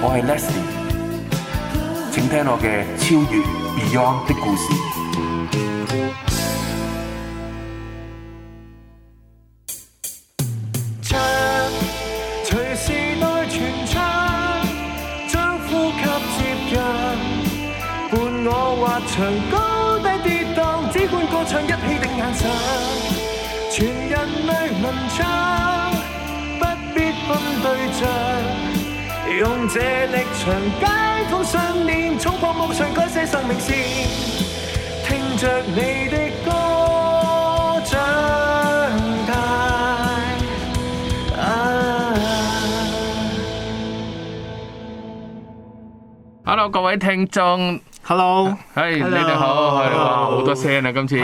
我係 Leslie，請聽我嘅超越 Beyond 的故事。唱， 隨時代傳唱，將呼吸接近，伴我滑翔高低跌宕，只管歌唱一起定眼神。用這力場街凍信念，衝破夢想改寫生命線，聽着你的歌長大。啊、hello，各位聽眾，Hello，你哋好，哇，好多聲啊！今次，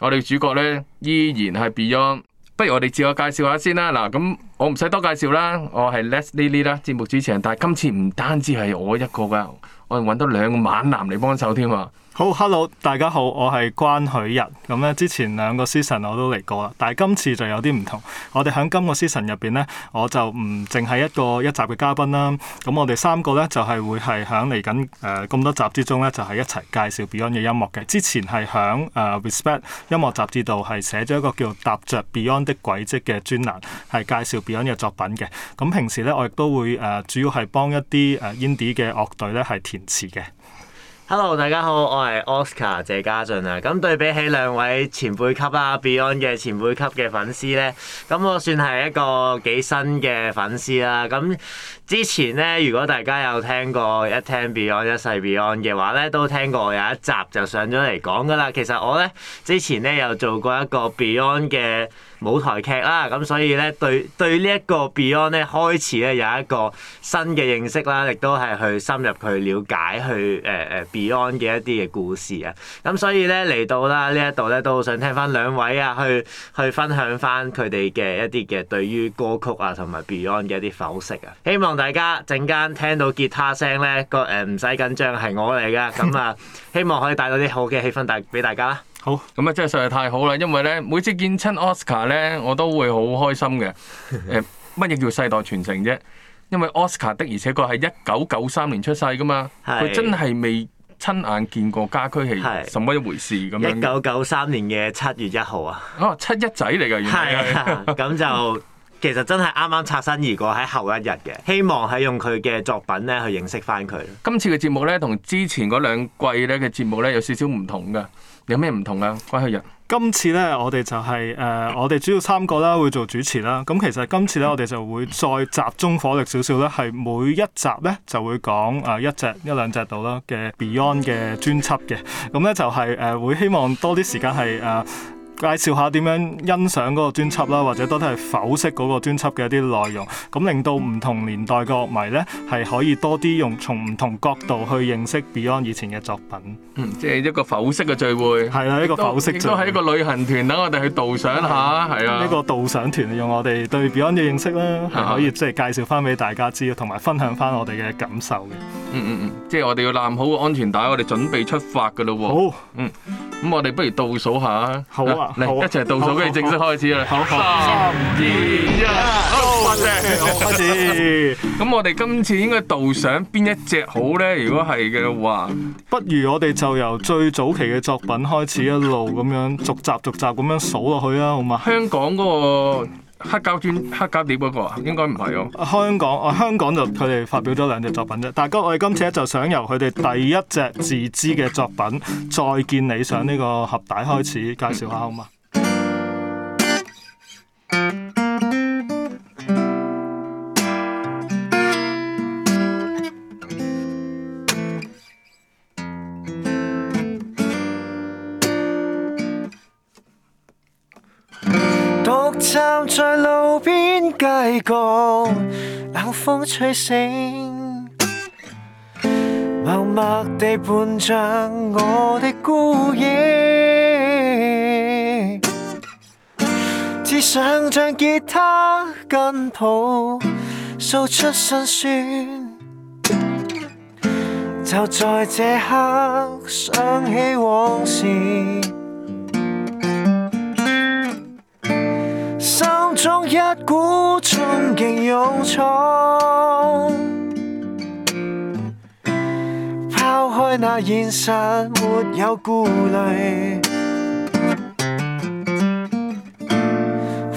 我哋主角呢，依然係 Beyond。不如我哋自我介紹下先啦。嗱，咁我唔使多介紹啦。我係 Leslie 啦，節目主持人。但係今次唔單止係我一個㗎，我哋揾到兩個猛男嚟幫手添啊！好，Hello，大家好，我係關許日。咁、嗯、咧，之前兩個 season 我都嚟過啦，但係今次就有啲唔同。我哋喺今個 season 入邊咧，我就唔淨係一個一集嘅嘉賓啦。咁、嗯、我哋三個咧就係、是、會係喺嚟緊誒咁多集之中咧，就係、是、一齊介紹 Beyond 嘅音樂嘅。之前係響誒 Respect 音樂雜誌度係寫咗一個叫踏着 Beyond 的軌跡嘅專欄，係介紹 Beyond 嘅作品嘅。咁、嗯、平時咧，我亦都會誒、呃、主要係幫一啲誒 indie 嘅樂隊咧係填詞嘅。Hello，大家好，我係 Oscar 謝家俊啊。咁對比起兩位前輩級啊，Beyond 嘅前輩級嘅粉絲咧，咁我算係一個幾新嘅粉絲啦。咁之前咧，如果大家有聽過一聽 Beyond 一世 Beyond 嘅話咧，都聽過我有一集就上咗嚟講㗎喇。其實我咧，之前咧，有做過一個 Beyond 嘅舞台劇啦，咁所以咧，對對呢一個 Beyond 咧，開始咧，有一個新嘅認識啦，亦都係去深入去了解去誒誒 Beyond 嘅一啲嘅故事啊。咁所以咧嚟到啦呢一度咧，都好想聽翻兩位啊，去去分享翻佢哋嘅一啲嘅對於歌曲啊同埋 Beyond 嘅一啲剖析啊。希望大家陣間聽到吉他聲咧，個誒唔使緊張，係我嚟噶，咁啊 希望可以帶到啲好嘅氣氛帶俾大家啦。好咁啊！真係實在太好啦，因為咧每次見親 Oscar 咧，我都會好開心嘅。誒、呃，乜嘢叫世代傳承啫？因為 Oscar 的，而且佢係一九九三年出世噶嘛，佢是真係未親眼見過家駒係什麼一回事咁樣。一九九三年嘅七月一號啊！哦，七一仔嚟噶，原咁、啊、 就其實真係啱啱擦身而過喺後一日嘅。希望係用佢嘅作品咧去認識返佢。今次嘅節目咧，同之前嗰兩季咧嘅節目咧有少少唔同噶。有咩唔同啊？關慶日，今次咧我哋就係誒，我哋、就是呃、主要三個啦，會做主持啦。咁、嗯、其實今次咧，我哋就會再集中火力少少咧，係每一集咧就會講啊、呃、一隻一兩隻度啦嘅 Beyond 嘅專輯嘅。咁、嗯、咧就係、是、誒、呃，會希望多啲時間係啊。呃介紹下點樣欣賞嗰個專輯啦，或者都係剖析嗰個專輯嘅一啲內容，咁令到唔同年代嘅樂迷咧，係可以多啲用從唔同角度去認識 Beyond 以前嘅作品。嗯，即係一個剖析嘅聚會。係啦、啊，一個剖析聚會，都係一個旅行團等我哋去導賞下，係啊，呢、啊、個導賞團用我哋對 Beyond 嘅認識啦，係、啊、可以即係介紹翻俾大家知道，同埋分享翻我哋嘅感受嘅、嗯。嗯嗯嗯，即係我哋要攬好個安全帶，我哋準備出發㗎咯喎。好，嗯。咁我哋不如倒數下，好啊，嚟一齊倒數，跟住正式開始啦。三二一，好，咁我哋今次應該倒上邊一隻好咧？如果係嘅話，不如我哋就由最早期嘅作品開始一路咁樣逐集逐集咁樣數落去啊，好嘛？香港嗰個。黑膠專、黑膠碟嗰、那個啊，應該唔係、哦、啊。香港啊，香港就佢哋發表咗兩隻作品啫。大哥，我哋今次咧，就想由佢哋第一隻自資嘅作品《再見理想》呢個盒帶開始介紹下好嗎？ 站在路邊街角，冷風吹醒，默默地伴着我的孤影，只想將吉他緊抱掃出辛酸，就在這刻想起往事。心中一股衝勁勇闖，拋開那現實沒有顧慮，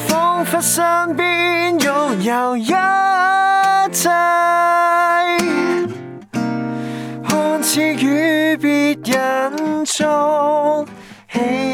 彷彿身邊擁有一切，看似與別人做戲。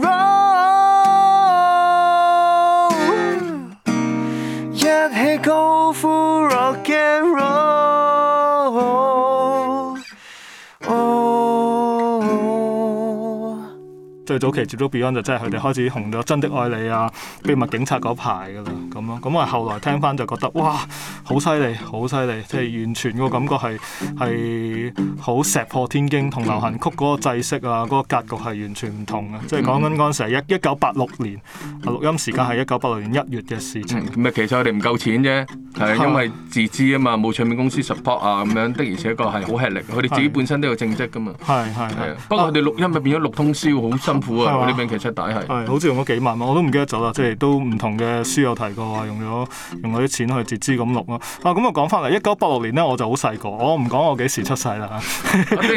最早期接到 Beyond 就真係佢哋開始紅咗《真的愛你》啊，《秘密警察》嗰排㗎啦，咁咯。咁啊，後來聽翻就覺得哇，好犀利，好犀利！即係完全個感覺係係好石破天驚同流行曲嗰個制式啊，嗰個格局係完全唔同嘅。即係講緊嗰陣時，一一九八六年錄音時間係一九八六年一月嘅事情。唔係，嗯，其實我哋唔夠錢啫，係因為自資啊嘛，冇唱片公司 support 啊咁樣，的而且確係好吃力，佢哋是自己本身都有正職㗎嘛。係係係，不過佢哋錄音咪變咗錄通宵，好深。係嘛？啲名企出底係，係好似用咗幾萬，我都唔記得咗啦。即係都唔同嘅書有提過話，用咗用嗰啲錢去截資咁錄咯。啊，咁又講翻嚟，一九八六年咧，我就好細個，我唔講我幾時出世啦。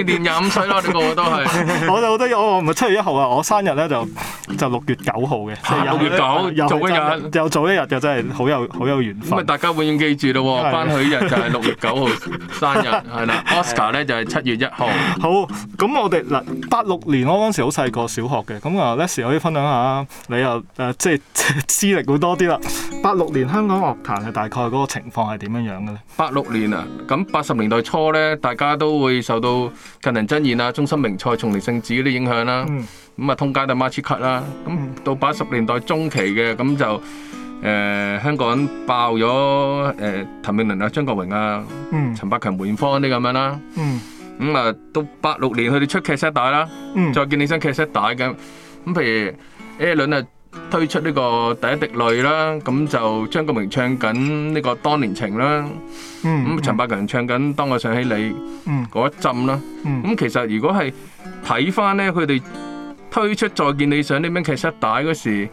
年廿五歲啦，呢個我都係。我就覺得我唔係七月一號啊，我生日咧就就六月九號嘅。六月九又做一日，又做一日，又真係好有好有緣分。咁啊，大家永遠記住咯喎，翻去日就係六月九號生日係啦。Oscar 咧就係七月一號。好，咁我哋嗱八六年我嗰陣時好細個少。小學嘅咁啊 Leslie 可以分享下你又誒即係資歷會多啲啦。八六 年香港樂壇係大概嗰個情況係點樣樣嘅咧？八六年啊，咁八十年代初咧，大家都會受到近藤真彥啊、中森明菜、松田聖子啲影響啦。咁啊、嗯，通街都 Matchy cut 啦。咁到八十年代中期嘅咁就誒、呃、香港爆咗誒譚詠麟啊、張國榮啊、嗯、陳百強、梅艷芳啲咁樣啦。嗯咁啊、嗯，到八六年佢哋出劇 set 帶啦，嗯、再見你想劇 set 帶咁，咁譬如阿倫啊推出呢個第一滴淚啦，咁就張國榮唱緊呢個當年情啦，咁、嗯嗯、陳百強唱緊當我想起你嗰陣啦，咁其實如果係睇翻咧，佢哋推出再見你想呢啲劇 set 帶嗰時，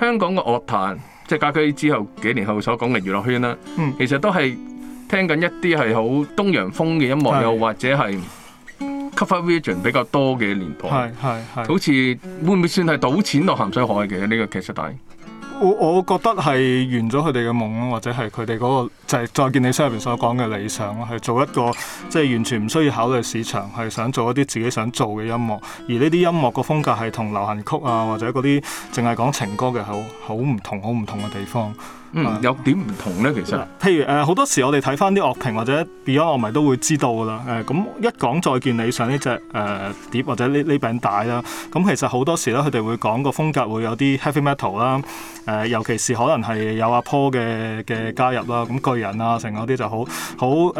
香港嘅樂壇即係家幾之後幾年後所講嘅娛樂圈啦，嗯、其實都係。聽緊一啲係好東洋風嘅音樂又，又是或者係 cover version 比較多嘅年代，係係係。好似會唔會算係賭錢落鹹水海嘅呢、嗯、個其實大？我我覺得係完咗佢哋嘅夢咯，或者係佢哋嗰個就係、是、再見你 Sylvan 所講嘅理想咯，係做一個即係、就是、完全唔需要考慮市場，係想做一啲自己想做嘅音樂，而呢啲音樂個風格係同流行曲啊或者嗰啲淨係講情歌嘅好好唔同好唔同嘅地方。嗯，有點唔同咧，其實，譬如誒好多時我哋睇翻啲樂評或者 Beyond 樂迷都會知道噶啦，誒、呃，咁一講再見理想呢隻誒碟或者呢呢餅帶啦，咁、啊、其實好多時咧佢哋會講個風格會有啲 heavy metal 啦、啊，誒尤其是可能係有阿 Paul 嘅嘅加入啦，咁、啊、巨人啊成嗰啲就好好誒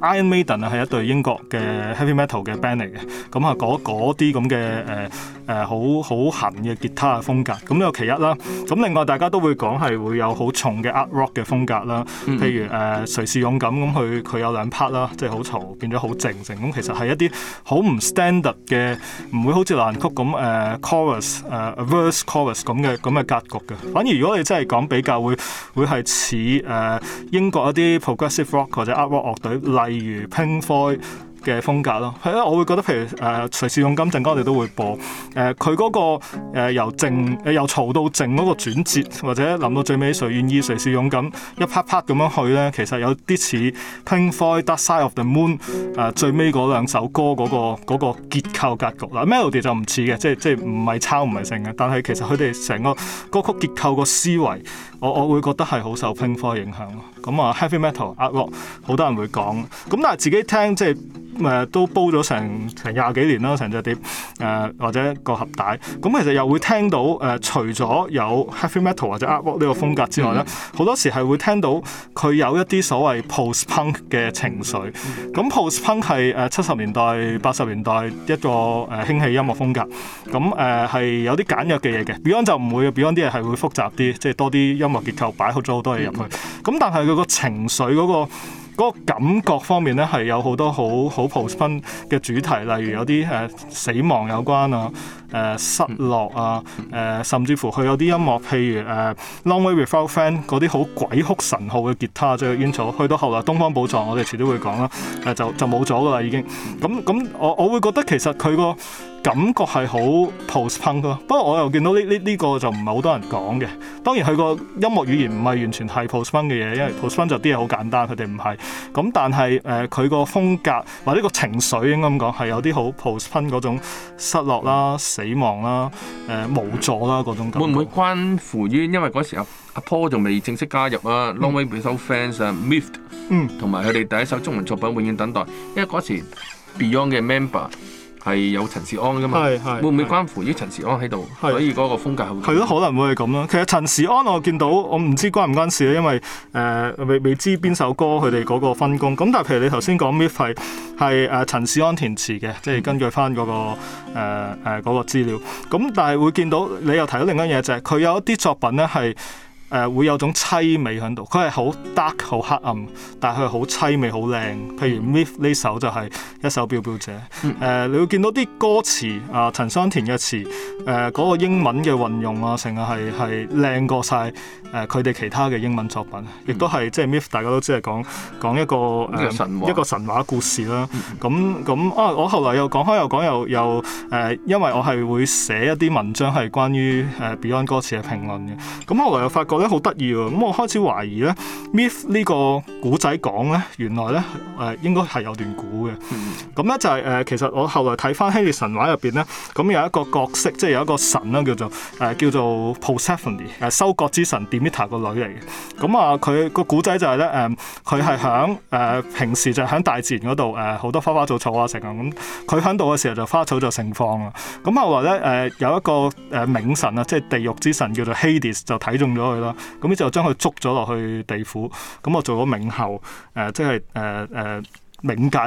Iron Maiden 啊係 Ma 一對英國嘅 heavy metal 嘅 band 嚟嘅，咁啊嗰嗰啲咁嘅誒誒好好行嘅吉他嘅風格，咁、啊、呢個其一啦，咁、啊、另外大家都會講係會有好。好重嘅 art rock 嘅風格啦，譬如誒誰是勇敢咁，佢佢有兩 part 啦，即係好嘈變咗好靜靜咁，其實係一啲好唔 standard 嘅，唔會好似流行曲咁誒、呃、chorus 誒、呃、verse chorus 咁嘅咁嘅格局嘅。反而如果你真係講比較會會係似誒英國一啲 progressive rock 或者 art rock 樂隊，例如 Pink Floyd 嘅風格咯，係、嗯、啊，我會覺得譬如誒誰是勇敢，陣、呃、間我哋都會播誒佢嗰個、呃、由靜誒、呃、由嘈到靜嗰個轉折，或者諗到最尾誰願意誰是勇敢一 part part 咁樣去咧，其實有啲似《Pink Floyd That Side of the Moon》誒、呃、最尾嗰兩首歌嗰、個嗰、個結構格局啦。啊、Melody 就唔似嘅，即係即係唔係抄唔係成嘅，但係其實佢哋成個歌曲結構個思維。我我會覺得係好受 Pink Floyd 影響，咯，咁啊 Heavy Metal、Rock 好多人會講，咁但係自己聽即係誒、呃、都煲咗成成廿幾年啦，成隻碟誒、呃、或者個盒帶，咁、嗯、其實又會聽到誒、呃、除咗有 Heavy Metal 或者 Rock 呢個風格之外咧，好、嗯、多時係會聽到佢有一啲所謂 Post、嗯、Punk 嘅情緒，咁 Post Punk 係誒七十年代八十年代一個誒、呃、興起音樂風格，咁誒係有啲簡約嘅嘢嘅。Beyond 就唔會 Beyond 啲嘢係會複雜啲，即係多啲音。音樂結構擺好咗好多嘢入去，咁、嗯、但係佢個情緒嗰、嗰個嗰個感覺方面咧，係有好多好好 postpone 嘅主題，例如有啲誒、呃、死亡有關啊、誒、呃、失落啊、誒、呃、甚至乎佢有啲音樂，譬如誒、呃、Long Way Without Friend 嗰啲好鬼哭神號嘅吉他，即係 intro 去到後來《東方寶藏》，我，我哋遲啲會講啦，誒就就冇咗噶啦，已經咁咁，我我會覺得其實佢個。感覺係好 postpon 咯，不過我又見到呢呢呢個就唔係好多人講嘅。當然佢個音樂語言唔係完全係 postpon 嘅嘢，因為 postpon 就啲嘢好簡單，佢哋唔係。咁但係誒佢個風格或者個情緒應該咁講係有啲好 postpon 嗰種失落啦、死亡啦、誒、呃、無助啦嗰種感覺。會唔會關乎於因為嗰時候阿 p 坡仲未正式加入啊、嗯？Long Way w i t f a n s 啊、嗯、《Mift 同埋佢哋第一首中文作品《永遠等待》，因為嗰時 Beyond 嘅 Member。係有陳仕安噶嘛？係係，會唔會關乎於陳仕安喺度？是所以嗰個風格係咯，可能會係咁咯。其實陳仕安我見到，我唔知關唔關事咧，因為誒、呃、未未知邊首歌佢哋嗰個分工。咁但係譬如你頭先講 If 係係誒陳仕安填詞嘅，即係根據翻、那、嗰個誒誒嗰個資料。咁但係會見到你又提到另一樣嘢，就係佢有一啲作品咧係。誒、呃、會有種凄美喺度，佢係好 dark、好黑暗，但係佢係好凄美、好靚。譬如 Myth 呢首就係一首表表者，誒、嗯呃、你會見到啲歌詞啊、呃，陳山田嘅詞，誒、呃、嗰、那個英文嘅運用啊，成日係係靚過晒誒佢哋其他嘅英文作品，亦都係即係 Myth 大家都知係講講一個、呃、神一個神話故事啦。咁咁、嗯、啊，我後來又講開又講又又誒、呃，因為我係會寫一啲文章係關於誒 Beyond、呃、歌詞嘅評論嘅，咁我後來又發覺。覺得好得意喎！咁、euh, 我開始懷疑咧，myth 呢 my 個古仔講咧，原來咧誒、呃、應該係有段古嘅。咁咧、嗯嗯、就係、是、誒、呃、其實我後來睇翻希臘神話入邊咧，咁有一個角色，即係有一個神啦、嗯，叫做誒叫做 Persephone 收割之神 Demeter 個女嚟嘅。咁、呃、啊，佢個古仔就係咧誒佢係響誒平時就響大自然度誒好多花花草草啊，成咁。佢響度嘅時候就花草就盛放啦。咁後來咧誒有一個誒冥神啊，即係地獄之神叫做 Hades 就睇中咗佢咯。S 咁咧就將佢捉咗落去地府，咁我做咗冥后誒、呃，即係誒誒，冥、呃呃、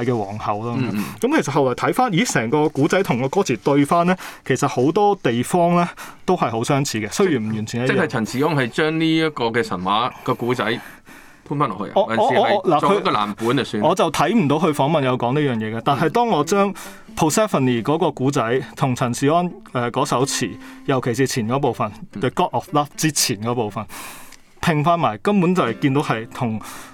界嘅皇后啦。咁、嗯嗯、其實後來睇翻，咦，成個古仔同個歌詞對翻咧，其實好多地方咧都係好相似嘅，雖然唔完全一樣。即係陳時翁係將呢一個嘅神話個古仔搬翻落去我，我我我嗱佢、呃、一個藍本就算。我就睇唔到佢訪問有講呢樣嘢嘅，但係當我將。Persephone 嗰個古仔同陳士安誒嗰、呃、首詞，尤其是前嗰部分、mm hmm. The God of Love 之前嗰部分拼翻埋，根本就係見到係同。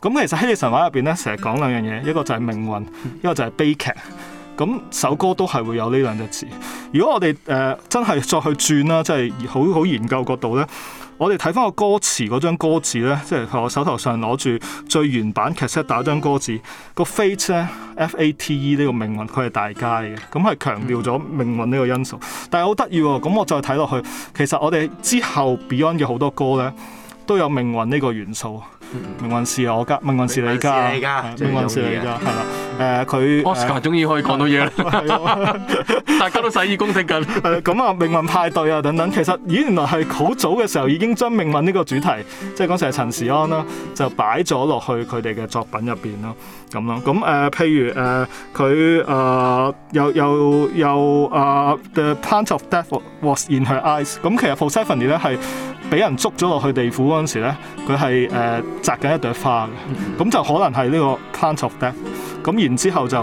咁其實希臘神話入邊咧，成日講兩樣嘢，一個就係命運，一個就係悲劇。咁首歌都係會有呢兩隻字。如果我哋誒、呃、真係再去轉啦，即係好好研究角度咧，我哋睇翻個歌詞嗰張歌詞咧，即係我手頭上攞住最原版 cassette 打張歌詞個 fate 咧，f a t e 呢個命運，佢係大街嘅，咁係強調咗命運呢個因素。但係好得意，咁我再睇落去，其實我哋之後 Beyond 嘅好多歌咧，都有命運呢個元素。命運是我家，命運是你家，命運事你家，容命運是你家係啦。誒，佢 Oscar 終於可以講到嘢啦對，大家都洗耳恭聽緊。咁啊，嗯、命運派對啊等等，其實咦，原來係好早嘅時候已經將命運呢個主題，即係嗰陣時係陳時安啦，就擺咗落去佢哋嘅作品入邊咯，咁咯。咁、嗯、誒，譬、啊、如誒，佢、啊、誒、呃，又又又誒、uh,，The Plight of Death was in her eyes。咁其實 Forsevany 咧係俾人捉咗落去地府嗰陣時咧，佢係誒。Uh, 呃嗯呃呃摘緊一朵花嘅，咁就可能係呢個 plant of death。咁然之後就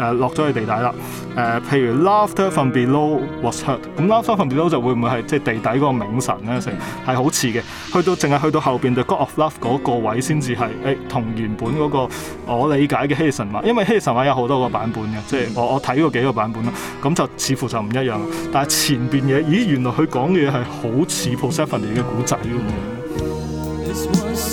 誒落咗去地底啦。誒、呃，譬如 laughter from below was hurt 咁 laughter from below 就會唔會係即係地底嗰個冥神咧？成係好似嘅。去到淨係去到後邊對 God of Love 嗰個位先至係誒同原本嗰個我理解嘅 Heaven 嘛。因為 Heaven 嘛有好多個版本嘅，即係我我睇過幾個版本啦。咁就似乎就唔一樣。但係前邊嘢，咦原來佢講嘅嘢係好似 Persephone 嘅古仔咁樣。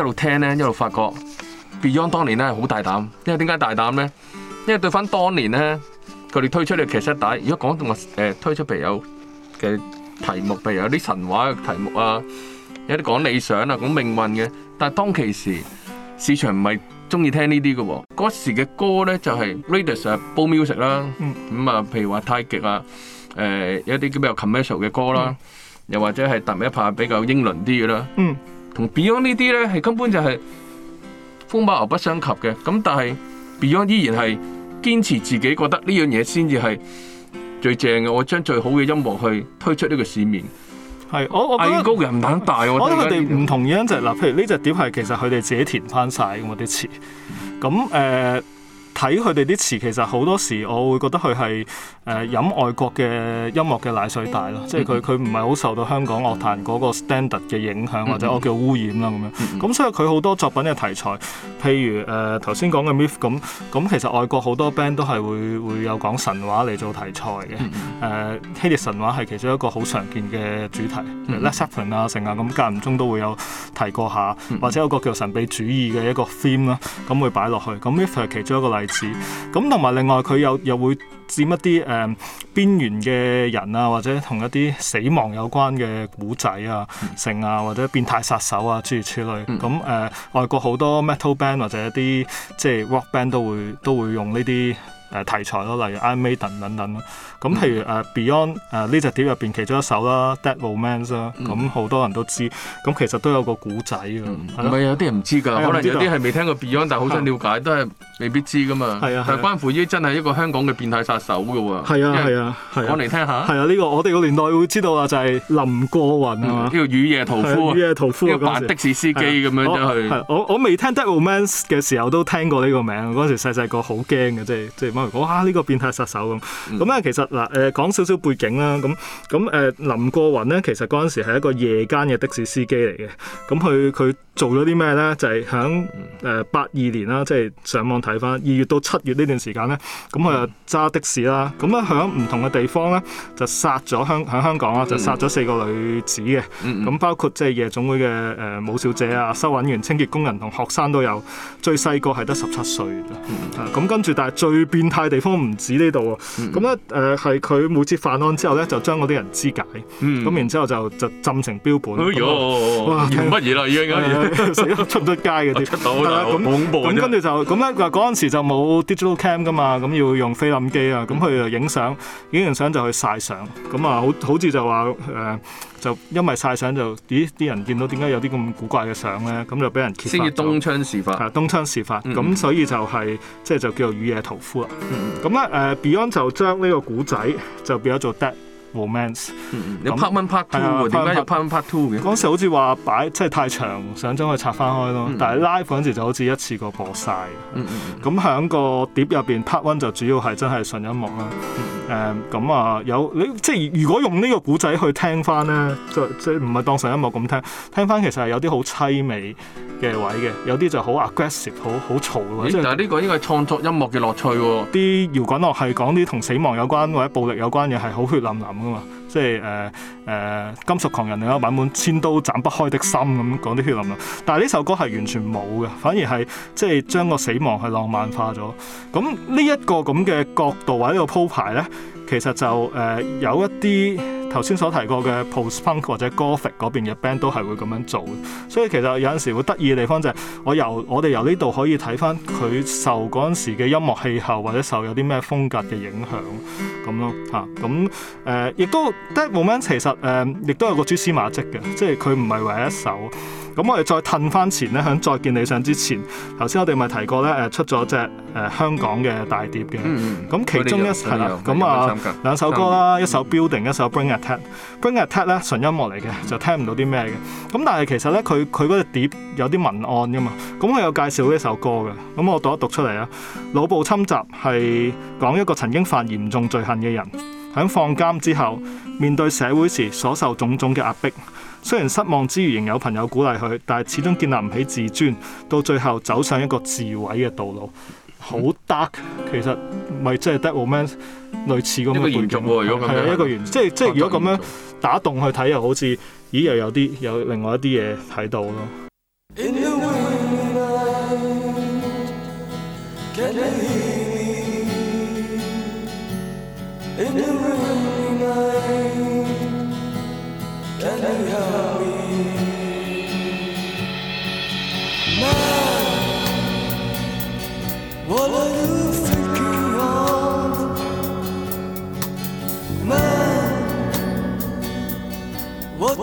一路聽咧，一路發覺 Beyond 當年咧好大膽，因為點解大膽咧？因為對翻當年咧，佢哋推出呢個《騎士帶》。如果講到我誒推出譬如有嘅題目，譬如有啲神話嘅題目啊，有啲講理想啊，講命運嘅。但係當其時市場唔係中意聽呢啲嘅喎。嗰時嘅歌咧就係 Raidas、Boots Music 啦。嗯。咁啊，譬如話太極啊，誒有啲叫比較 commercial 嘅歌啦，又或者係達明一派比較英倫啲嘅啦。嗯。Beyond 呢啲咧係根本就係風馬牛不相及嘅，咁但係 Beyond 依然係堅持自己覺得呢樣嘢先至係最正嘅，我將最好嘅音樂去推出呢個市面。係，我我藝高人膽大。我覺得佢哋唔同一樣就係嗱，譬如呢隻碟係其實佢哋自己填翻曬咁啲詞，咁誒。睇佢哋啲詞其實好多時我會覺得佢係誒飲外國嘅音樂嘅奶水大咯，即係佢佢唔係好受到香港樂壇個 standard 嘅影響，或者我叫我污染啦咁樣，咁所以佢好多作品嘅題材，譬如誒頭先講嘅 myth 咁咁，呃、th, 其實外國好多 band 都係會會有講神話嚟做題材嘅。誒誒、 呃、希臘神話係其中一個好常見嘅主題譬如，like seven 啊成啊咁間唔中都會有提過下，或者有個叫神秘主義嘅一個 theme 啦，咁會擺落去。咁 myth 係其中一個例。類似咁，同埋另外佢又又會佔一啲誒邊緣嘅人啊，或者同一啲死亡有關嘅古仔啊、性啊，或者變態殺手啊諸如此類。咁誒，外國好多 metal band 或者一啲即係 rock band 都會都會用呢啲誒題材咯，例如 Iron Maiden 等等咯。咁譬如誒 Beyond 誒呢隻碟入邊其中一首啦，《Dead Romance》啦，咁好多人都知。咁其實都有個古仔㗎。唔係有啲人唔知㗎，可能有啲係未聽過 Beyond，但係好想了解，都係未必知㗎嘛。係啊。但係關乎於真係一個香港嘅變態殺手㗎喎。係啊係啊，講嚟聽下。係啊，呢個我哋個年代會知道啊，就係林過雲啊，叫雨夜屠夫雨夜屠夫啊，跟住扮的士司機咁樣真係。我我未聽 Dead Romance 嘅時候都聽過呢個名，嗰時細細個好驚嘅即係真係。講啊呢個變態殺手咁，咁咧、嗯嗯、其實嗱誒講少少背景啦，咁咁誒林過雲咧其實嗰陣時係一個夜間嘅的、的士司機嚟嘅，咁佢佢。做咗啲咩咧？就係響誒八二年啦，即、就、係、是、上網睇翻二月到七月呢段時間咧，咁我又揸的士啦，咁咧響唔同嘅地方咧就殺咗香響香港啦，就殺咗四個女子嘅，咁、嗯嗯、包括即係夜總會嘅誒舞小姐啊、收銀員、清潔工人同學生都有，最細個係得十七歲。咁跟住，嗯嗯嗯、但係最變態地方唔止、嗯、呢度喎。咁咧誒係佢每次犯案之後咧，就將嗰啲人肢解，咁、嗯、然之後，後就就浸成標本。哦，乜嘢啦？已經。嗯成 日出唔 但出街嘅啲，咁跟住就咁咧。嗰陣 時就冇 digital cam 噶嘛，咁要用菲林機啊，咁去影相，影、嗯、完相就去曬相。咁啊，好好似就話誒、呃，就因為曬相就咦，啲人見到點解有啲咁古怪嘅相咧？咁就俾人揭發。先至東窗事發，係東窗事發。咁、嗯、所以就係即係就叫做雨夜屠夫啦。咁咧誒，Beyond 就將呢個古仔就變咗做 dead。Romance，你 part one part two 喎錯，點解 part one part two 嘅？嗰 陣樂時好似話擺即係太長，想將佢拆翻開咯。 但係 live 嗰陣時就好似一次過播晒，咁響 個碟入邊，part one 就主要係真係純音，音樂啦。誒、uh, 啊，咁啊有你即係如果用呢個古仔去聽翻咧，即即唔係當純音樂咁聽。聽翻其實係有啲好凄美嘅位嘅，有啲就好 aggressive，好好嘈嘅。但係呢個應該係創作音樂嘅樂趣喎、哦。啲搖滾樂係講啲同死亡有關或者暴力有關嘅，係好血淋淋。即係誒誒，金屬狂人另一版本《千刀斬不開的心》咁講啲血淋淋，但係呢首歌係完全冇嘅，反而係即係將個死亡係浪漫化咗。咁呢一個咁嘅角度或者個鋪排呢。其實就誒、呃、有一啲頭先所提過嘅 post-punk 或者 gothic 嗰邊嘅 band 都係會咁樣做，所以其實有陣時會得意嘅地方就係我由我哋由呢度可以睇翻佢受嗰陣時嘅音樂氣候，或者受有啲咩風格嘅影響咁咯嚇，咁誒亦都 dead man 其實誒亦、呃、都有個蛛絲馬跡嘅，即係佢唔係唯一首。咁我哋再褪翻前咧，喺再見理想之前，頭先我哋咪提過咧，誒出咗隻誒、呃、香港嘅大碟嘅。咁、嗯、其中一係啦，咁啊、嗯、兩首歌啦，年一首 Building，、嗯、一首 Brain Attack。Brain Attack 咧，純音樂嚟嘅，就聽唔到啲咩嘅。咁但係其實咧，佢佢嗰隻碟有啲文案噶嘛。咁我有介紹呢首歌嘅。咁我讀一讀出嚟啦。腦部侵襲係講一個曾經犯嚴重罪行嘅人，喺放監之後面對社會時所受種種嘅壓迫。雖然失望之餘，仍有朋友鼓勵佢，但係始終建立唔起自尊，到最後走上一個自毀嘅道路，好 dark，其實咪即係 dark moment 類似嗰個嚴重咁、啊、樣係啊，一個原、啊、即係即係，如果咁樣打洞去睇，又好似咦又有啲有另外一啲嘢睇到咯。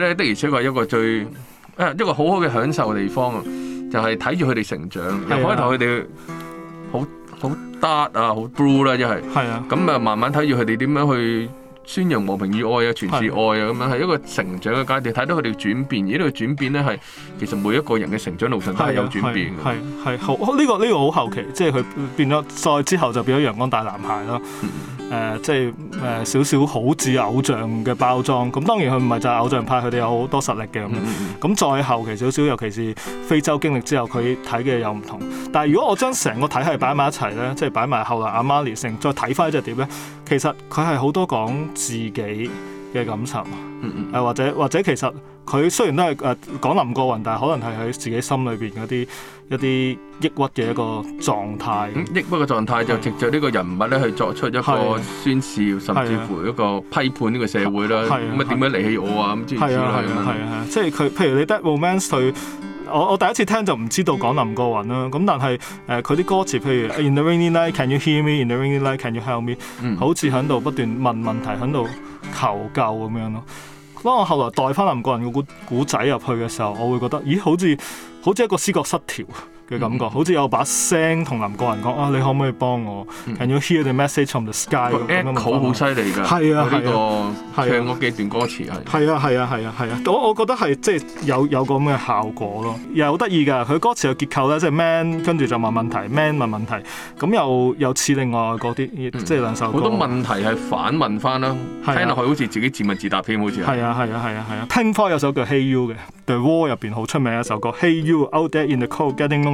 的而且確係一個最誒一個好好嘅享受地方啊，就係睇住佢哋成長，開頭佢哋好好 dark 啊，好 blue 啦，就是，即係係啊，咁啊慢慢睇住佢哋點樣去。宣揚和平與、啊、愛啊，傳遞愛啊咁樣，係一個成長嘅階段。睇到佢哋轉變，而呢個轉變咧係其實每一個人嘅成長路上都係有轉變嘅。係係、啊、好呢、呢個呢、呢個好後期，即係佢變咗再之後就變咗陽光大男孩啦。誒、嗯呃、即係誒少少好似偶像嘅包裝。咁當然佢唔係就係偶像派，佢哋有好多實力嘅咁。咁、嗯、再後期少少，尤其是非洲經歷之後，佢睇嘅又唔同。但係如果我將成個體系擺埋一齊咧，即係擺埋後來阿馬尼盛再睇翻呢隻碟咧。其實佢係好多講自己嘅感受，誒或者或者其實佢雖然都係誒講林過雲，但係可能係喺自己心裏邊嗰啲一啲抑鬱嘅一個狀態。抑鬱嘅狀態就藉著呢個人物咧去作出一個宣示，甚至乎一個批判呢個社會啦。咁啊點樣離棄我啊？咁之類之類。係啊係啊，即係佢，譬如你 that moment 佢。我我第一次聽就唔知道講林過雲啦，咁但係誒佢啲歌詞，譬如 In the rainy night can you hear me？In the rainy night can you help me？、嗯、好似喺度不斷問問題，喺度求救咁樣咯。當我後來代翻林過雲嗰個古仔入去嘅時候，我會覺得咦，好似好似一個思覺失調。嘅感覺，好似有把聲同林國人講啊，你可唔可以幫我？Can you hear the message from the sky 咁樣好好犀利㗎，係啊係啊，唱嗰幾段歌詞係。係啊係啊係啊係啊，我我覺得係即係有有個咁嘅效果咯，又好得意㗎。佢歌詞嘅結構咧，即係 man 跟住就問問題，man 問問題，咁又又似另外嗰啲即係兩首。好多問題係反問翻啦，聽落去好似自己自問自答添，好似。係啊係啊係啊係啊，Pink Floyd 有首叫 Hey You 嘅 The Wall 入邊好出名一首歌，Hey You out there in the cold getting on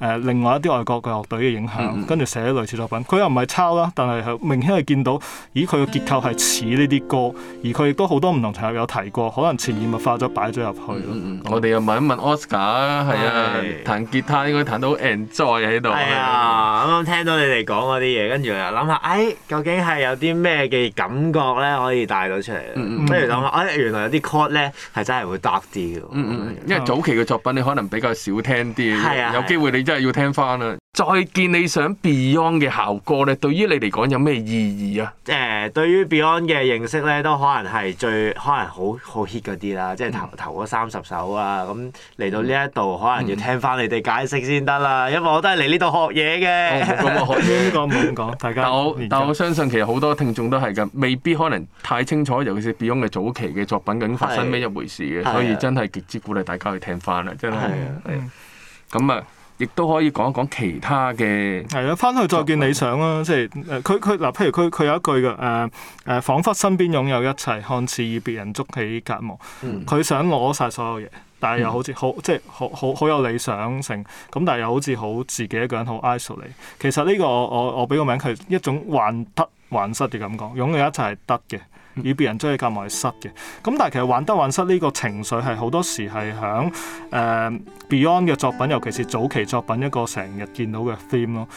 誒，另外一啲外國嘅樂隊嘅影響，跟住寫咗類似作品。佢又唔係抄啦，但係係明顯係見到，咦，佢嘅結構係似呢啲歌，而佢亦都好多唔同朋友有提過，可能潛移默化咗擺咗入去。我哋又問一問 Oscar 啊，係啊，彈吉他應該彈到 enjoy 喺度。係啊，啱啱聽到你哋講嗰啲嘢，跟住又諗下，誒，究竟係有啲咩嘅感覺咧可以帶到出嚟？不如諗下，誒，原來有啲 chord 咧係真係會搭啲嘅。嗯，因為早期嘅作品你可能比較少聽啲，有機會你。真係要聽翻啦！再見你想 Beyond 嘅校歌咧，對於你嚟講有咩意義啊？誒、欸，對於 Beyond 嘅認識咧，都可能係最可能好好 hit 嗰啲啦，即係頭、嗯、頭嗰三十首啊。咁嚟到呢一度，可能要聽翻你哋解釋先得啦，因為我都係嚟呢度學嘢嘅。咁啊、哦，呢個唔敢講， 但係我但我相信其實好多聽眾都係㗎，未必可能太清楚，尤其是 Beyond 嘅早期嘅作品究竟發生咩一回事嘅，的所以真係極之鼓勵大家去聽翻啦，真係。係啊。咁啊～亦都可以講一講其他嘅係啦，翻去再見理想啦，即係誒佢佢嗱，譬如佢佢有一句嘅誒誒，彷彿身邊擁有一切，看似與別人築起隔膜。佢、嗯、想攞晒所有嘢，但係又好似好即係好好好有理想性，咁但係又好似好自己一個人好 isolate。其實呢個我我我俾個名佢，一種患得患失嘅感覺，擁有一切係得嘅。以別人追你夾埋塞嘅，咁但係其實患得患失呢個情緒係好多時係響、呃、Beyond 嘅作品，尤其是早期作品一個成日見到嘅 theme 咯。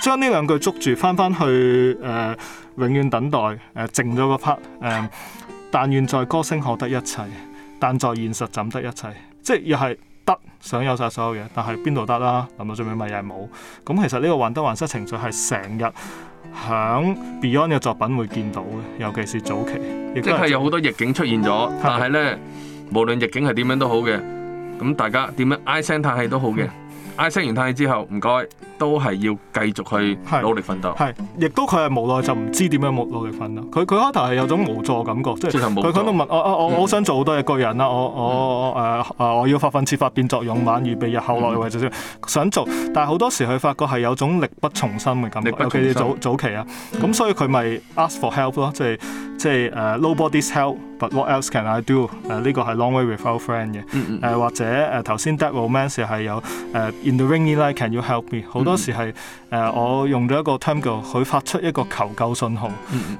將呢兩句捉住，翻翻去誒、呃、永遠等待誒靜咗個 part 但願在歌聲可得一切，但在現實怎得一切，即係又係得想有晒所有嘢，但係邊度得啦、啊？諗到最尾咪又係冇。咁其實呢個患得患失情緒係成日。響 Beyond 嘅作品會見到嘅，尤其是早期，早期即係有好多逆境出現咗。 但係呢， 無論逆境係點樣都好嘅，噉大家點樣唉聲嘆氣都好嘅。 嗌聲完曬之後，唔該，都係要繼續去努力奮鬥。係，亦都佢係無奈就唔知點樣冇努力奮鬥。佢佢開頭係有種無助感覺，即係佢講到問、嗯啊、我，我我好想做好多嘢，個人啦，我我我誒、嗯啊、我要發奮設法、變作勇猛預備日後來為者。嗯」想做，但係好多時佢發覺係有種力不從心嘅感覺，尤其是早早期啊。咁、嗯、所以佢咪 ask for help 咯，即係即係誒，no、uh, body's help，what But what else can I do？誒、uh, 呢個係 long way without friend 嘅，誒、嗯嗯、或者誒頭先 that romance 係有誒。呃 In the rainy night, can you help me？好多時係誒、呃、我用咗一個 term 佢發出一個求救信號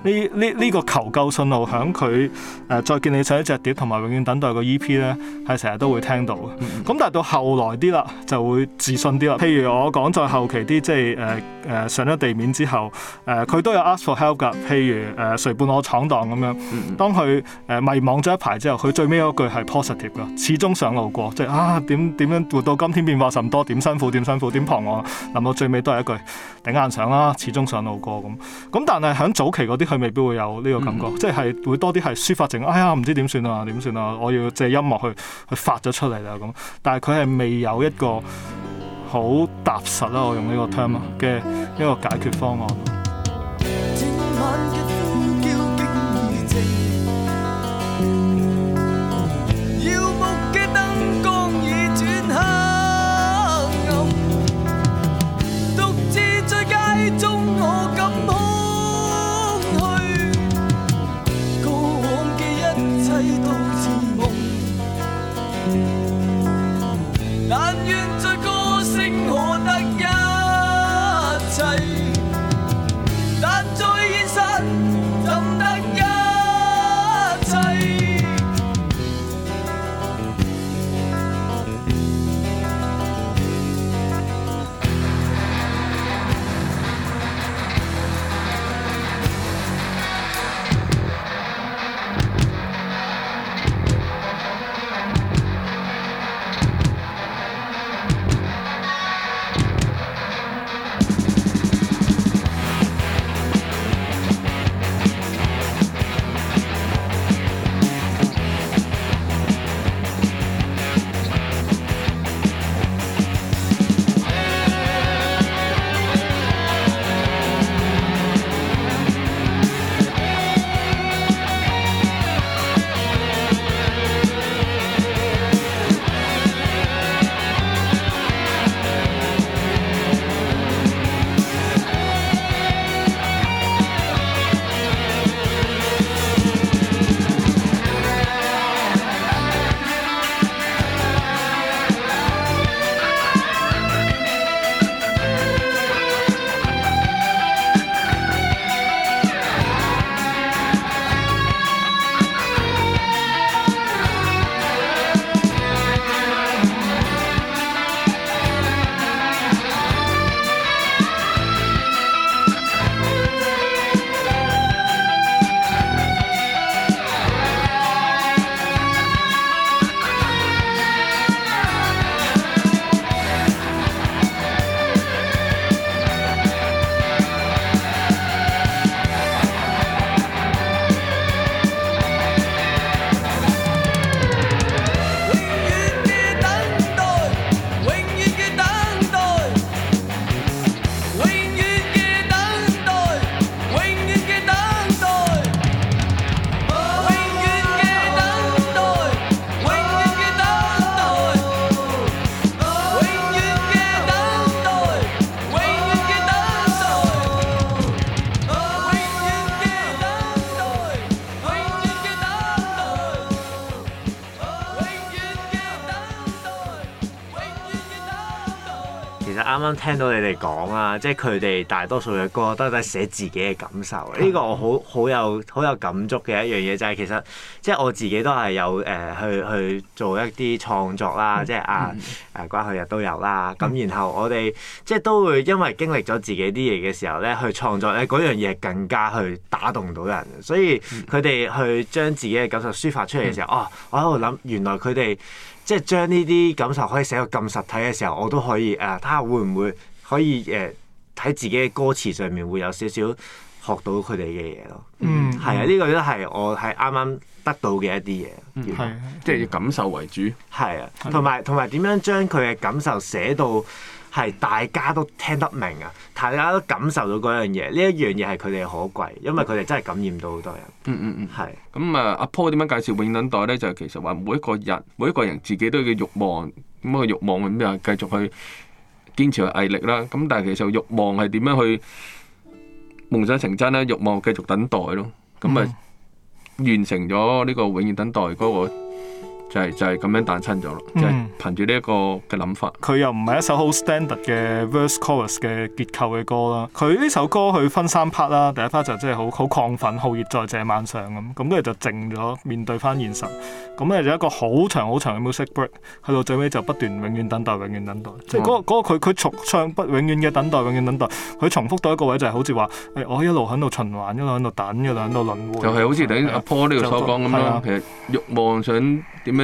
呢呢呢個求救信號響佢誒再見你上一隻碟，同埋永遠等待個 EP 咧，係成日都會聽到嘅。咁 但係到後來啲啦，就會自信啲啦。譬如我講再後期啲，即係誒誒上咗地面之後誒佢、呃、都有 ask for help 噶。譬如誒、呃、誰伴我闖蕩咁樣。 當佢誒迷惘咗一排之後佢最尾嗰句係 positive 噶，始終上路過即係、就是、啊點點樣,樣活到今天變化甚多點？點辛苦點辛苦點撲我，諗到最尾都係一句頂硬上啦，始終上路過咁。咁但係喺早期嗰啲佢未必會有呢個感覺，嗯、即係會多啲係抒發情，哎呀唔知點算啊點算啊，我要借音樂去去發咗出嚟啊咁。但係佢係未有一個好踏實咯，我用呢個 term 嘅一個解決方案。啱啱聽到你哋講啊，即係佢哋大多數嘅歌都係寫自己嘅感受，呢、嗯、個我好好有好有感觸嘅一樣嘢就係、是、其實。即係我自己都係有誒、呃、去去做一啲創作啦，即係啊誒、嗯啊、關係日都有啦。咁、嗯、然後我哋即係都會因為經歷咗自己啲嘢嘅時候咧，去創作咧嗰樣嘢更加去打動到人。所以佢哋去將自己嘅感受抒發出嚟嘅時候，嗯、哦，我喺度諗原來佢哋即係將呢啲感受可以寫到咁實體嘅時候，我都可以誒睇下會唔會可以誒喺、呃、自己嘅歌詞上面會有少少，學到佢哋嘅嘢咯，嗯，係啊，呢、這個都係我係啱啱得到嘅一啲嘢，嗯，要即係以感受為主，係啊，同埋同埋點樣將佢嘅感受寫到係大家都聽得明啊，大家都感受到嗰樣嘢，呢一樣嘢係佢哋可貴，因為佢哋真係感染到好多人，嗯嗯嗯，係、嗯。咁、嗯、啊，阿坡點樣介紹《永恆代》咧？就係、其實話每一個人，每一個人自己都有個慾望，咁、那個欲望咁就繼續去堅持佢毅力啦。咁但係其實欲望係點樣去？夢想成真啦，慾望繼續等待咯，咁咪完成咗呢個永遠等待嗰個。就係就係咁樣誕生咗咯，即係憑住呢一個嘅諗法。佢、嗯、又唔係一首好 standard 嘅 verse chorus 嘅結構嘅歌啦。佢呢首歌佢分三 part 啦。第一 part 就即係好好亢奮，好熱，在這晚上咁。咁跟住就靜咗，面對翻現實，咁咧就一個好長好長嘅 music break，去到最尾就不斷永遠等待、永遠等待。即係、嗰個嗰個佢佢重唱不永遠嘅等待、永遠等待。佢重複到一個位就係好似話誒，我一路喺度循環一路喺度等，一路喺度輪迴。就係好似等於阿 Paul 呢個所講咁咯。啊樣啊、其實欲望想點樣。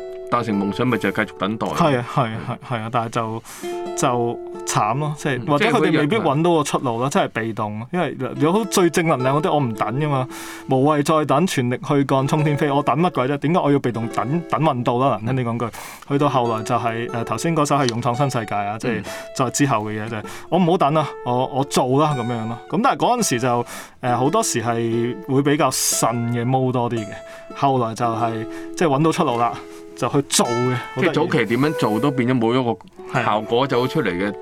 達成夢想咪就係繼續等待，係啊係啊係係啊，但係就就慘咯，即、就、係、是嗯、或者佢哋未必揾到個出路咯，嗯、即係被動。的因為好最正能量嗰啲，我唔等噶嘛，無謂再等，全力去幹，沖天飛。我等乜鬼啫？點解我要被動等等問到啦？難聽啲講句，去到後來就係，誒，頭先嗰首係勇闖新世界啊，即係、嗯、在之後嘅嘢就我唔好等啦，我我，我做啦咁樣咯。咁但係嗰陣時就誒好、呃、多時係會比較腎嘅毛多啲嘅，後來就係、是、即係揾到出路啦。就去做嘅，即係早期點樣做都變咗冇一個效果就出嚟嘅。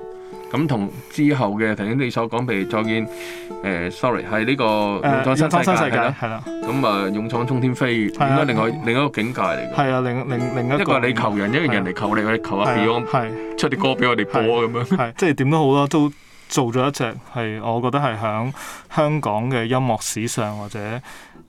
咁同之後嘅，頭先你所講，譬如再見，誒，sorry，係呢個《勇闖新世界》係啦。咁啊，《勇闖沖天飛》點解另外另一個境界嚟嘅？係啊，另另另一一個係你求人，一個人嚟求你，求阿 Beyond 出啲歌俾我哋播咁樣。即係點都好啦，都做咗一隻係，我覺得係喺香港嘅音樂史上或者。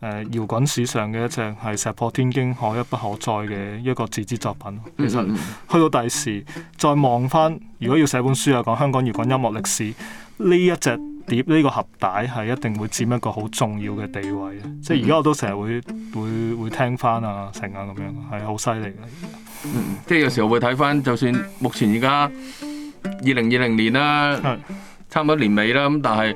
誒，搖滾史上嘅一隻係石破天驚，可一不可再嘅一個自資作品。嗯、其實去到第時再望翻，如果要寫本書啊，講香港搖滾音樂歷史，呢一隻碟呢、呢個盒帶係一定會佔一個好重要嘅地位。嗯、即係而家我都成日會會會聽翻啊成啊咁樣，係好犀利嘅。即係有時候會睇翻，就算目前而家二零二零年啦，的差唔多年尾啦，咁但係。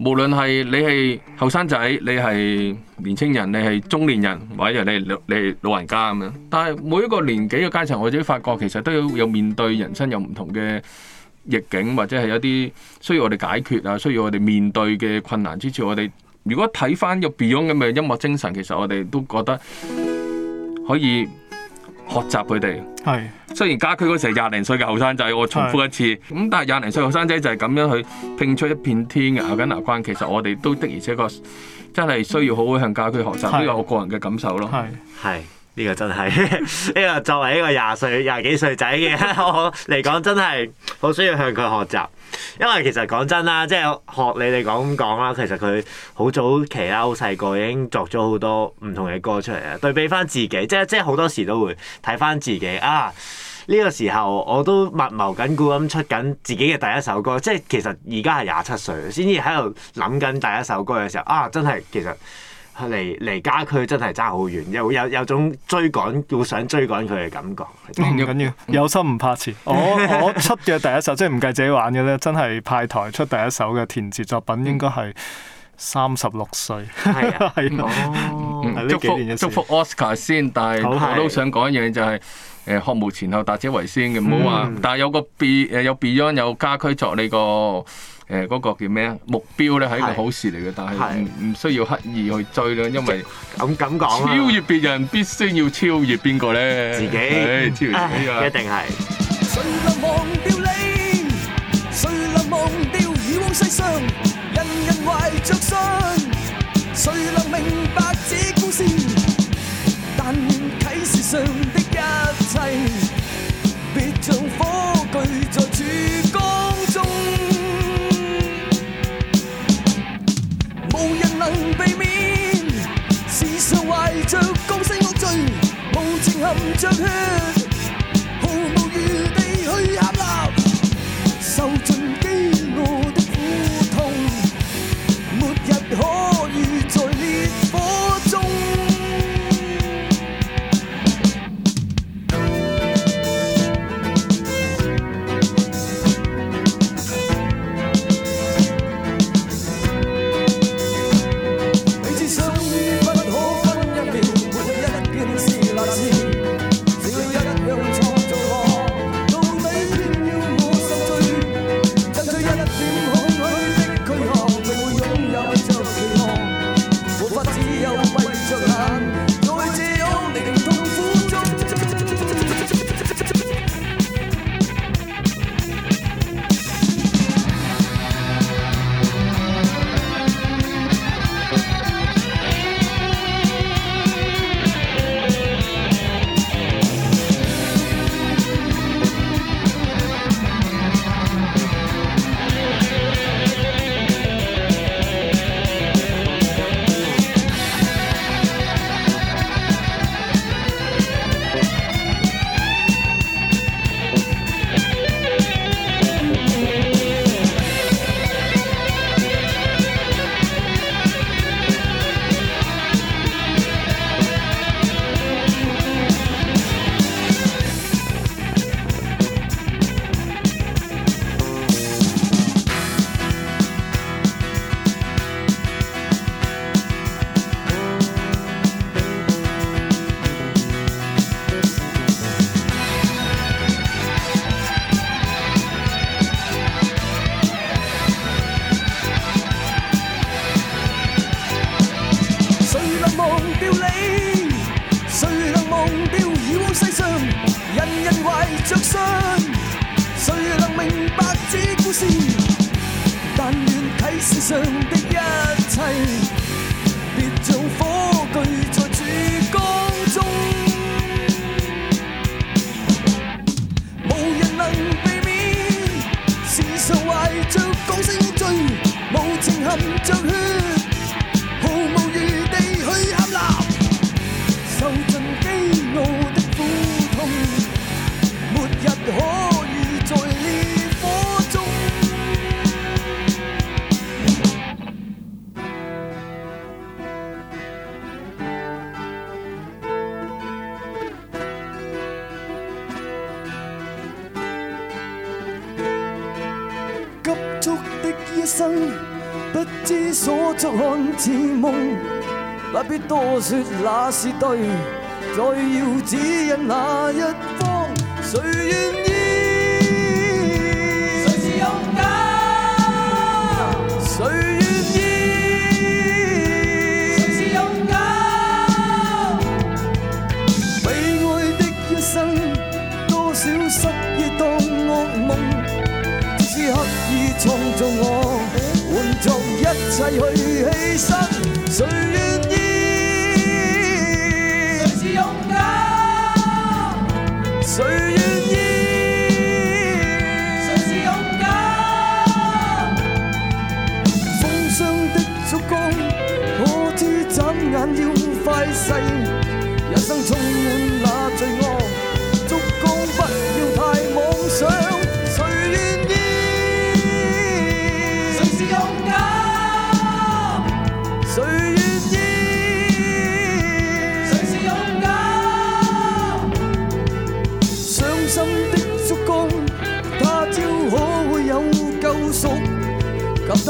無論係你係後生仔，你係年青人，你係中年人，或者你係老你係老人家咁樣，但係每一個年紀嘅階層我自己發覺其實都有有面對人生有唔同嘅逆境，或者係一啲需要我哋解決啊，需要我哋面對嘅困難之處，我哋如果睇返個 Beyond 咁嘅音樂精神，其實我哋都覺得可以。學習佢哋係，是雖然家區嗰時廿零歲嘅後生仔，我重複一次咁，是但係廿零歲後生仔就係咁樣去拼出一片天嘅，咬緊牙關，其實我哋都的而且確真係需要好好向家區學習，呢個是我個人嘅感受咯。係係。呢個真係呢個作為一個廿歲廿幾歲仔嘅我嚟講，真係好需要向佢學習。因為其實講真啦，即係學你哋講咁講啦，其實佢好早期啦，好細個已經作咗好多唔同嘅歌出嚟啊！對比返自己，即係即係好多時都會睇返自己啊！呢個時候我都密鑼緊鼓咁出緊自己嘅第一首歌，即係其實而家係廿七歲先至喺度諗緊第一首歌嘅時候啊！真係其實～離離家區真係差好遠，有有有種追趕，要想追趕佢嘅感覺。唔緊要，嗯、有心唔怕遲。我、oh, 我出嘅第一首，即係唔計自己玩嘅咧，真係派台出第一首嘅填詞作品，應該係三十六歲。係、嗯、 啊，係啊、哦。 祝福祝福 Oscar 先，但係好我都想講一樣嘢就係、是，誒、呃、學無前後達者為先嘅，好話的。嗯、但係有個 B 誒有 Beyond 有家區作你個。誒嗰個叫咩啊？目標咧係一個好事嚟嘅，但係唔唔需要刻意去追啦，因為咁咁講啦。超越別人必須要超越邊個咧？自己，超越自己啊，一定係。未免時常懷着高聲惡醉，無情含着血。 不必多説那是對，再要指引那一方？誰願意？誰是勇敢？誰願意？誰是勇敢？悲哀的一生，多少失意當噩夢，只是刻意創造我，換作一切去犧牲。誰願意？誰是勇敢？風霜 的足弓，可知眨眼要快逝？人生充滿。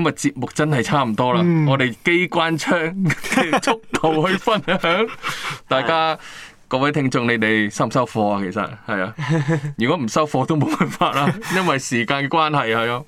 今日節目真係差唔多啦。嗯、我哋機關槍 速度去分享， 大家的各位聽眾，你哋收唔收貨啊？其實係啊，如果唔收貨都冇辦法啦， 因為時間關係啊。的有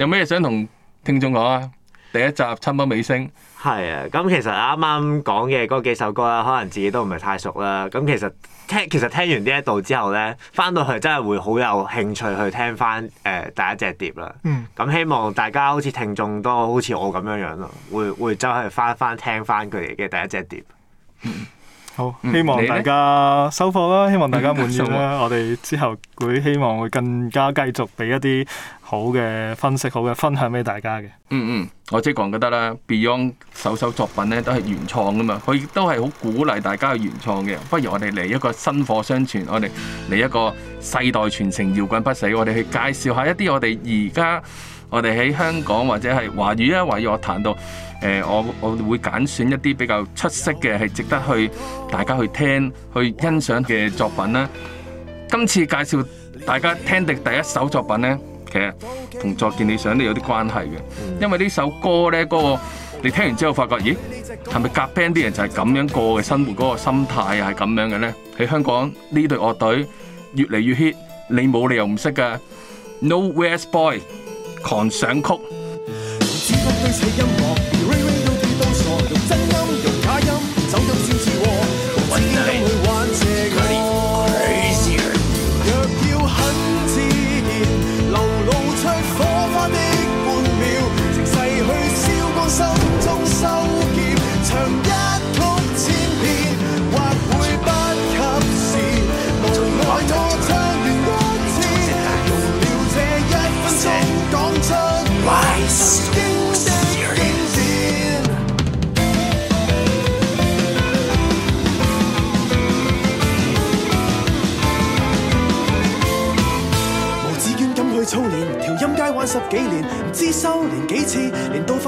有咩想同聽眾講啊？第一集《親筆尾聲》。係啊，咁其實啱啱講嘅嗰幾首歌啦，可能自己都唔係太熟啦。咁其實聽，其實聽完呢一度之後咧，返到去真係會好有興趣去聽返誒、呃、第一隻碟啦。咁、嗯、希望大家好似聽眾都好似我咁樣樣咯，會會真係返返聽返佢哋嘅第一隻碟。嗯嗯、好，希望大家呢收貨啦，希望大家滿意啦。嗯、我哋之後會希望會更加繼續俾一啲好嘅分析，好嘅分享俾大家嘅。嗯嗯，我即係個人覺得啦，Beyond 首首作品咧都係原創噶嘛，佢亦都係好鼓勵大家去原創嘅。不如我哋嚟一個薪火相傳，我哋嚟一個世代傳承，搖滾不死。我哋去介紹下一啲我哋而家我哋喺香港或者係華語呀，華語樂壇度，誒、呃，我我會揀選一啲比較出色嘅，係值得去大家去聽、去欣賞嘅作品啦。今次介紹大家聽的第一首作品呢。嘅同作建理想都有啲關係嘅，因為呢首歌咧嗰個你聽完之後發覺，咦，係咪夾 band 啲人就係咁樣過嘅生活嗰個心態係咁樣嘅咧？喺香港呢隊樂隊越嚟越 hit，你冇理由唔識嘅。Nowhere Boys 狂想曲。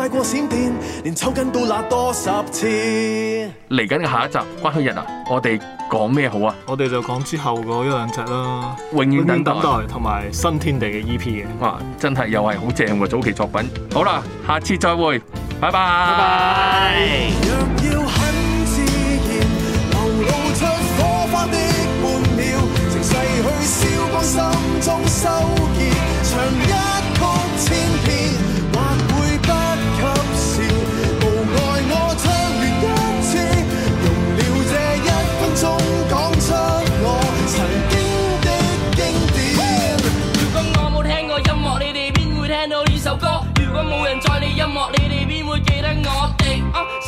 過閃電連抽筋都辣多十次。嚟緊嘅下一集關於日啊，我哋講咩好啊？我哋就講之後嗰兩隻啦，永遠等待同埋新天地嘅 E P 嘅。哇、啊，真係又係好正喎，早期作品。好啦，下次再會，拜拜。Bye bye 若要很自然流露出火花的半秒情逝去，燒光心中收